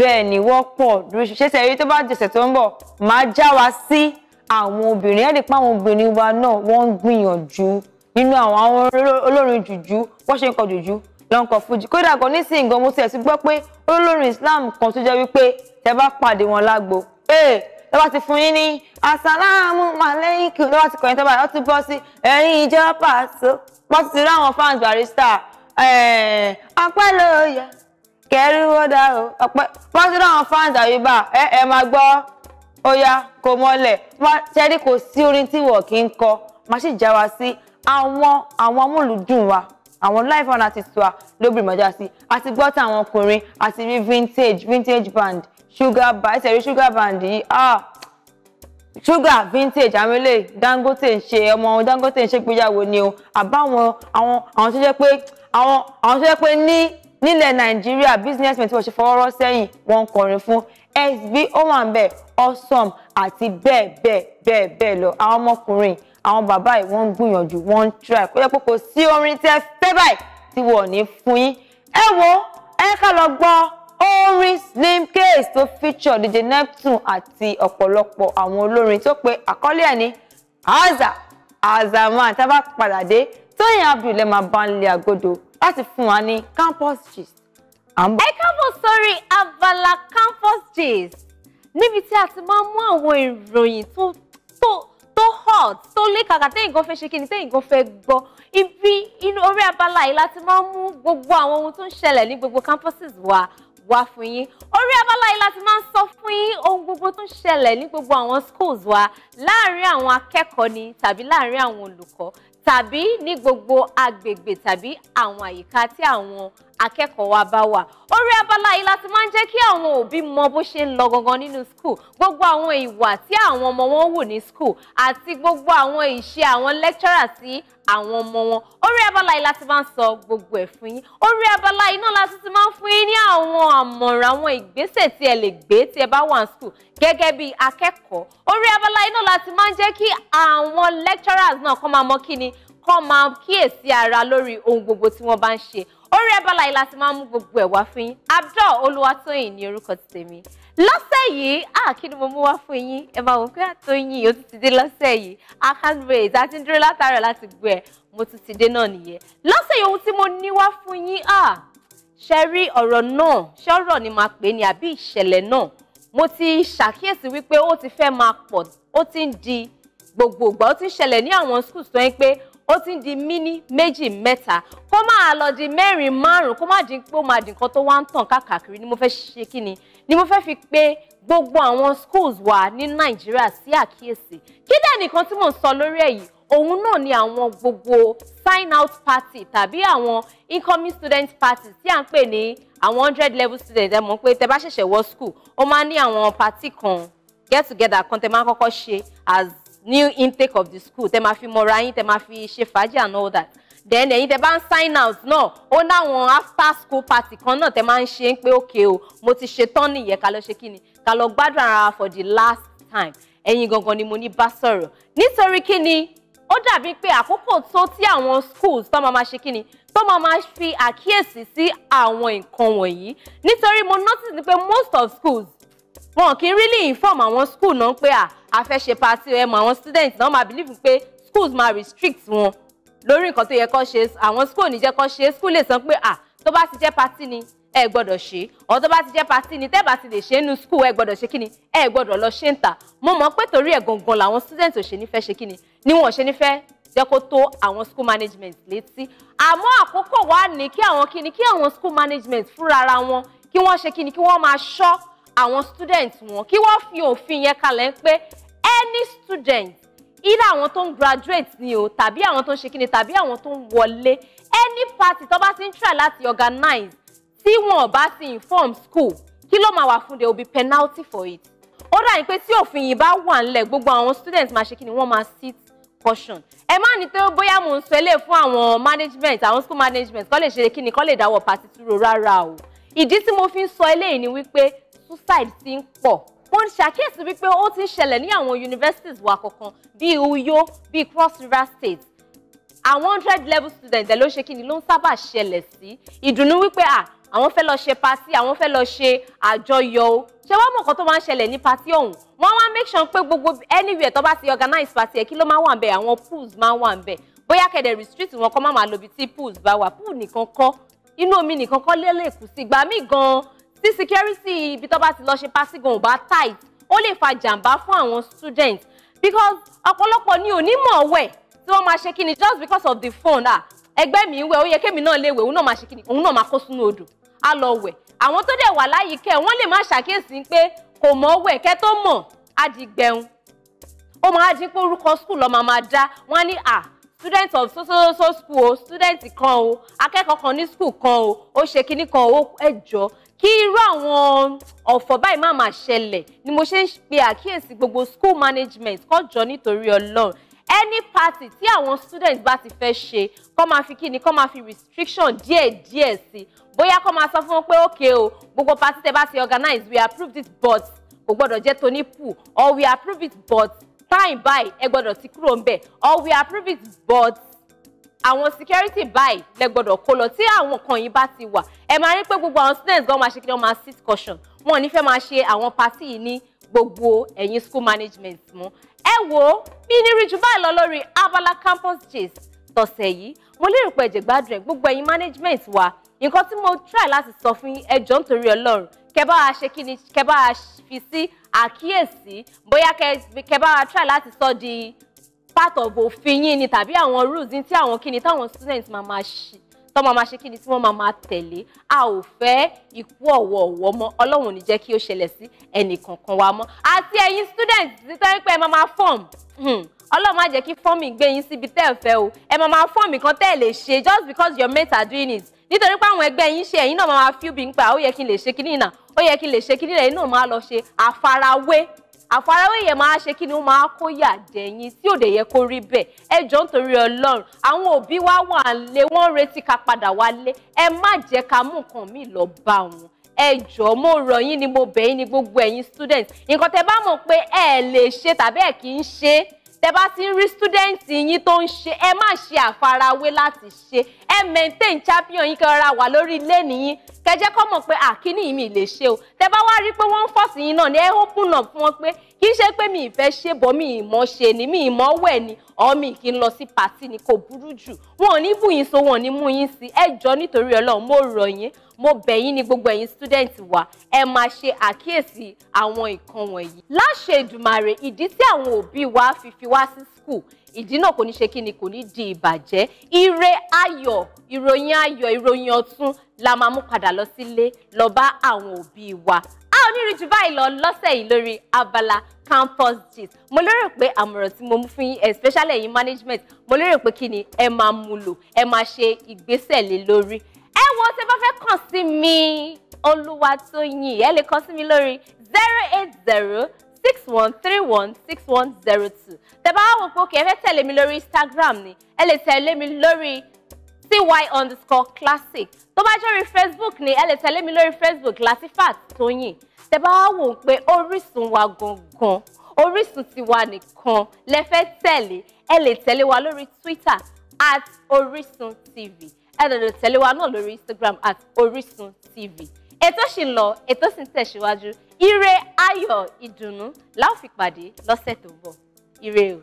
bẹ́ẹ̀ ni wọ́pọ̀ ṣẹṣẹ eré tó bá jẹsẹ̀ tó ń bọ̀ máa já wa sí àwọn obìnrin ẹ̀ lè pa àwọn obìnrin wa náà wọ́n ń gbìyànjú nínú àwọn àwọn olórin jùjú wọ́n ṣe ń kọ jùjú lọ́n kọ fújì kódà kan ní sìn gan mo ti ẹ̀ ti gbọ́ pé olórin Islam kan tó jẹ́ wípé tẹ bá pàdé wọn lágbo ee tó bá ti fún yín ní asalaamu aleikum tó bá ti kọ̀yìn tó bá ti bọ́ sí ẹ̀yìn ìjọba tó bá ti rí àwọn fans Barrister apá lóye kẹrí ó dá o ọpẹ́ pásítọ̀ àwọn fans àyíbá ẹ ẹ máa gbọ́ ọyá kò mọlẹ̀ ṣẹ́rí kò sí orin tí wọ́n kì í kọ máa sì já wa sí àwọn àwọn amúlùdùn wa àwọn live band artist wa lóbìnrin mọ̀já sí àti gbọ́ táwọn ọkùnrin àti rí vintage vintage band sugar band ẹsẹ̀ rí sugar band yìí ah sugar vintage amele eléyìí Dangote ń ṣe ọmọ wọn Dangote ń ṣe gbéyàwó ni o àbáwọn àwọn àwọn tó jẹ́ pé àwọn àwọn tó jẹ́ pé ní nílẹ̀ nàìjíríà businessmen tí wọ́n ṣe fọwọ́rọ́ sẹ́yìn wọ́n ń kọrin fún SB ó wà ń awesome àti bẹ́ẹ̀ bẹ́ẹ̀ bẹ́ẹ̀ bẹ́ẹ̀ lọ àwọn ọmọkùnrin àwọn bàbá yìí wọ́n ń gbìyànjú wọ́n ń try kó yẹ pé kò sí orin tẹ́ fẹ́ báyìí tí wọ́n ní fún yín ẹ wo ẹ ká lọ gbọ́ orin slim case tó feature DJ Neptune àti ọ̀pọ̀lọpọ̀ àwọn olórin tó pe àkọ́lé ẹ̀ ní azaman tá a bá padà dé Tóyìn Abdul lè máa bá ń lé agodo láti fún wa ní campus gist. ẹ káàbọ̀ sórí abala campus gist níbi tí a ti máa ń mú àwọn ìròyìn tó tó tó hot tó lékàkà téyìn kan fẹ́ ṣe kíni téyìn kan fẹ́ gbọ́ ibi inú orí abala yìí láti máa ń mú gbogbo àwọn ohun tó ń ṣẹlẹ̀ ní gbogbo campuses wa wá fún yín orí abala yìí láti máa ń sọ fún yín ohun gbogbo tó ń ṣẹlẹ̀ ní gbogbo àwọn schools wa láàárín àwọn akẹ́kọ̀ọ́ ni tàbí láàárín àwọn olùkọ́ tàbí ní gbogbo agbègbè tàbí àwọn àyíká tí àwọn akẹ́kọ̀ọ́ wa bá wà. Orí abala yìí láti máa ń jẹ́ kí àwọn òbí mọ bó ṣe ń lọ gangan nínú school gbogbo àwọn ìwà tí àwọn ọmọ wọn wù ní school àti gbogbo àwọn ìṣe àwọn lecturer sí àwọn ọmọ wọn. Orí abala yìí láti máa ń sọ gbogbo ẹ̀ fún yín. Orí abala yìí náà láti àmọ̀ràn àwọn ìgbésẹ̀ tí ẹ lè gbé tí ẹ bá wà ní school gẹ́gẹ́ bí akẹ́kọ̀ọ́ orí abala iná láti máa ń jẹ́ kí àwọn lecturers náà kọ́ máa mọ kí ni kọ́ máa kíyèsí ara lórí ohun gbogbo tí wọ́n bá ń ṣe orí abala yìí láti máa ń mú gbogbo ẹ̀ wá fún yín Abdul Olúwatóyìn ní orúkọ ti tèmi lọ́sẹ̀ yìí kí ni mo mú wá fún yín ẹ máa wò pé àtọ́yìn ó ti ti dé lọ́sẹ̀ yìí I can't wait àti ń dúró látara láti gbé ẹ̀ mo ti ti dé náà nìyẹn lọ́sẹ̀ yìí ohun tí mo ní wá fún yín ṣe rí ọ̀rọ̀ náà ṣé ọ̀rọ̀ ni màá pè ní àbí ìṣẹ̀lẹ̀ náà mo ti ṣàkíyèsí wípé ó ti fẹ́ máa pọ̀ ó ti ń di gbogbogbò ó ti ń ṣẹlẹ̀ ní àwọn schools tó ń pé ó ti ń di mini méjì mẹ́ta kó máa lọ di mẹ́rin márùn kó má di pé ó máa di nǹkan tó wá ń tàn káàkiri ni mo fẹ́ ṣe kí ni ni mo fẹ́ fi pé gbogbo àwọn schools wa ní Nàìjíríà sí àkíyèsí kí dẹ̀ nìkan tí mò ń sọ lórí èyí òun náà ni àwọn gbogbo sign out party tàbí àwọn incoming student party tí à ń pè ní àwọn hundred level students ẹ mọ̀ pé tẹ bá ṣẹ̀ṣẹ̀ wọ school ó máa ń ní àwọn party kan get together kan tẹ máa kọ́kọ́ ṣe as new intake of the school tẹ máa fi mọra yín tẹ máa fi ṣe fàájì and all that then ẹ̀yin tẹ bá ń sign out náà ó láwọn after school party kan náà tẹ máa ń ṣe ń pé òkè o mo ti ṣe tán nìyẹn ká lọ ṣe kí ni ká lọ gbádùn ara for the last time ẹ̀yin gangan ni mo ní bá sọ̀rọ̀ nítorí kí ni ó dàbí pé àkókò tó tí àwọn schools tó máa ma ṣe kí ni tó máa ma fi àkíyèsí sí àwọn nǹkan wọ̀nyí nítorí mo notice pé most of schools wọn kì í really inform àwọn school náà pé à a fẹ́ ṣe party ẹ̀ mọ̀ àwọn students náà máa believe pé schools máa restrict wọn lórí nǹkan tó yẹ kó ṣe àwọn school ò ní jẹ́ kó ṣe school lè sọ pé à tó bá ti jẹ́ party ni ẹ gbọ́dọ̀ ṣe ọ̀tọ́ bá ti jẹ́ pati ni tẹ́ẹ̀ bá ti lè ṣe é nu skul ẹ gbọ́dọ̀ ṣe kí ni ẹ gbọ́dọ̀ lọ ṣe ń tà mo mọ̀ pé torí ẹ̀ gangan làwọn student ò ṣe nífẹ́ ṣe kí ni ni wọn ò ṣe nífẹ́ jẹ́ kó tó àwọn school management létí àmọ́ àkókò wà ní kí àwọn kí ni kí àwọn school management fúnra ara wọn kí wọ́n ṣe kí ni kí wọ́n máa ṣọ́ àwọn student wọn kí wọ́n fi òfin yẹn kalẹ̀ pé any student either àwọn tó ń graduate ni o tàbí àwọn tó ń ṣe kí ni tàbí àwọn tó ń wọlé any party tó bá ti ń try láti organize tí wọn bá ti inform school kí ló máa wà fún de will be penalty for it ó dàbí pé tí òfin yìí bá wà ńlẹ̀ gbogbo àwọn students máa ṣe kí ni wọ́n máa sit caution ẹ má ní pé bóyá mò ń sọ eléyìí fún àwọn management àwọn school management kọ́ lè ṣe kí ni kọ́ lè dáwọ́ pàtítúrò rárá o ìdí tí mo fi ń sọ eléyìí ni wípé suicide ti ń pọ̀ mo ń ṣàkíyèsí wípé ó ti ń ṣẹlẹ̀ ní àwọn universities wa kọ̀ọ̀kan bíi Uyo bíi Cross River State àwọn hundred level students ẹ̀ ló ṣe kí ni ló ń sábà ṣẹlẹ̀ sí ìdùnnú wípé ah àwọn fẹ́ lọ ṣe patí àwọn fẹ́ lọ ṣe àjọyọ̀ o ṣé wàá mọ̀ nǹkan tó máa ń ṣẹlẹ̀ ní patí ọ̀hún wọ́n wá make sure pé gbogbo anywhere tó bá ti organize patí ẹ̀ kí ló máa wà ń bẹ̀ àwọn pools máa wà ń bẹ̀ bóyá kẹ̀dẹ̀ restrict wọn kọ́ má máa lo ibi tí pools bá wà pool nìkan kọ́ inú omi nìkan kọ́ lélẹ̀ kù sí gbà mí gan-an tí security ibi tó bá ti lọ ṣe patí gan ò bá tight ó lè fa jàǹbá fún àwọn students because ọ̀pọ̀lọpọ̀ ni ò ní mọ̀ wẹ̀ tí wọ́n máa ṣe kí ni just because of mi ń wẹ̀ ó yẹ kémi náà lè òun náà máa ṣe kí òun náà máa kó sínú odò á lọ wẹ̀ àwọn tó dẹ̀ wà láyìíkẹ́ wọ́n lè má ṣàkíyèsí pé kò mọ̀ wẹ̀ kẹ́ tó mọ̀ á di gbẹun ó máa di pé orúkọ school lọ́ọ́ máa máa dá wọ́n á ní à student of so so so school o student kan o akẹ́kọ̀ọ́ kan ní school kan o ó ṣe kinní kan o ẹ jọ kí irú àwọn ọ̀fọ̀ báyìí má máa ṣẹlẹ̀ ni mo ṣe ń pe àkíyèsí gbogbo school management kó jọ nítorí Ọlọ́run any party tí àwọn students bá ti fẹ́ ṣe kọ́ máa fi kíni kọ́ máa fi restriction díẹ̀ díẹ̀ sí bóyá kọ́ máa sọ fún wọn pé okay o gbogbo party tẹ́ bá ti organize we approve this but kò gbọ́dọ̀ jẹ́ tóní pool or we approve it but time báyìí ẹ gbọ́dọ̀ ti kúrò ń bẹ̀ or we approve it but àwọn security báyìí lẹ gbọ́dọ̀ kó lọ tí àwọn kan yìí bá ti wà ẹ máa rí pé gbogbo àwọn students gan máa ṣe kí wọ́n máa sit caution wọn ò ní fẹ́ máa ṣe àwọn party yìí ní gbogbo ẹ̀yin school management mú ẹ wo bí ní rí jù báyìí lọ lórí abala campus gist tọ̀sẹ̀ yìí mo lérò pé ẹ̀jẹ̀ gbádùn ẹ̀ gbogbo ẹ̀yin management wa nǹkan tí mo try láti sọ fún yín ẹjọ́ nítorí ọlọ́run kẹ́ bá wa ṣe kí ni kẹ́ bá wa fi sí àkíyèsí bóyá kẹ́ bá try láti sọ di part of òfin yín ni tàbí àwọn rules ní tí àwọn kí ni táwọn students máa máa ṣe tó máa máa ṣe kí ni tí wọ́n máa máa tẹ̀lé a ò fẹ́ ikú ọ̀wọ̀ ọ̀wọ̀ mọ́ ọlọ́run ò ní jẹ́ kí ó ṣẹlẹ̀ sí ẹnì kankan wa mọ́ àti ẹ̀yin student ti tọ́ pé ẹ máa máa form hmm. ọlọ́run má jẹ́ kí fọ́ọ̀mì gbé yín síbi tẹ́ ẹ fẹ́ o ẹ máa máa fọ́ọ̀mì kan tẹ́ ẹ lè ṣe just because your mates are doing it nítorí pé àwọn ẹgbẹ́ yín ṣe ẹ̀yin náà máa máa feel bí ń pa ó yẹ kí n lè ṣe kíní náà ó yẹ kí n lè ṣe kíní náà ẹ̀yin náà máa lọ ṣe àfarawé àfarawé yẹn máa ṣe kí ni ó máa kó yà jẹ yín tí ò dé yẹ kó rí bẹ́ẹ̀ ẹ jọ nítorí Ọlọ́run àwọn òbí wa wà lé wọ́n retí ká padà wálé ẹ má jẹ́ ká mú nǹkan míì lọ bá wọn ẹ jọ̀ọ́ mo rọ̀ yín ni mo bẹ̀ yín ni gbogbo ẹ̀yin student nǹkan tẹ́ bá mọ̀ pé ẹ lè ṣe tàbí ẹ kì í ṣe tẹ́ bá ti rí student yín tó ń ṣe ẹ má ṣe àfarawé láti ṣe ẹ maintain champion yín kẹrọra wà lórí ilé nìyí kẹjẹ kọ mọ̀ pé àkíní yìí mi lè ṣe o tẹ bá wá rí pé wọ́n ń fọ́ọ̀sì yín náà ni ẹ open up fún wọn pé kì í ṣe pé mi ìfẹ́ ṣe bọ́ mi ìmọ̀ ṣe ni mi ìmọ̀ wẹ̀ ni ọmọ kì í lọ sí pàtì ni kò burú jù wọn ò ní bù yín so wọn ò ní mú yín sí ẹ jọ nítorí Ọlọ́run mo rọ̀ yín mo bẹ̀ yín ní gbogbo ẹ̀yin student wa ẹ máa ṣe àkíyèsí àwọn nǹkan wọ̀nyí láṣẹ Èdùmàrè ìdí tí àwọn òbí wa fi fi wá sí kù ìdí náà kò ní ṣe kí ni kò ní di ìbàjẹ́ ire ayọ̀ ìròyìn ayọ̀ ìròyìn ọ̀tun la máa mú padà lọ sílé lọ bá àwọn òbí wa a ò ní rí jù báyìí lọ lọ́sẹ̀ yìí lórí abala campus gist mo lérò pé àmọ̀ràn tí mo mú fún especially ẹ̀yin management mo lérò pé kí ni ẹ máa mú lò ẹ máa ṣe ìgbésẹ̀ lé lórí ẹ wo ṣe bá fẹ́ kàn sí mi Olúwatóyìn ẹ lè kàn sí mi lórí zero eight zero six one three one six one zero two tẹ́ bá wò pé kẹ́ fẹ́ tẹ̀lé mi lórí Instagram ni ẹ lè tẹ̀lé mi lórí Cy underscore classic tó bá jẹ́ orí Facebook ni ẹ lè tẹ̀lé mi lórí Facebook Latifat Tóyìn tẹ́ bá wò pé Orísun wa gangan Orísun tiwa nìkan lẹ fẹ́ tẹ̀lé ẹ lè tẹ̀lé wa lórí Twitter at Orisun TV ẹ lè tẹ̀lé wa náà lórí Instagram at Orisun TV ètò ṣì ń lọ ètò sì ń tẹ̀síwájú ire ayọ̀ ìdùnnú la ó fi pàdé lọ́sẹ̀ tó ń bọ̀ ire o.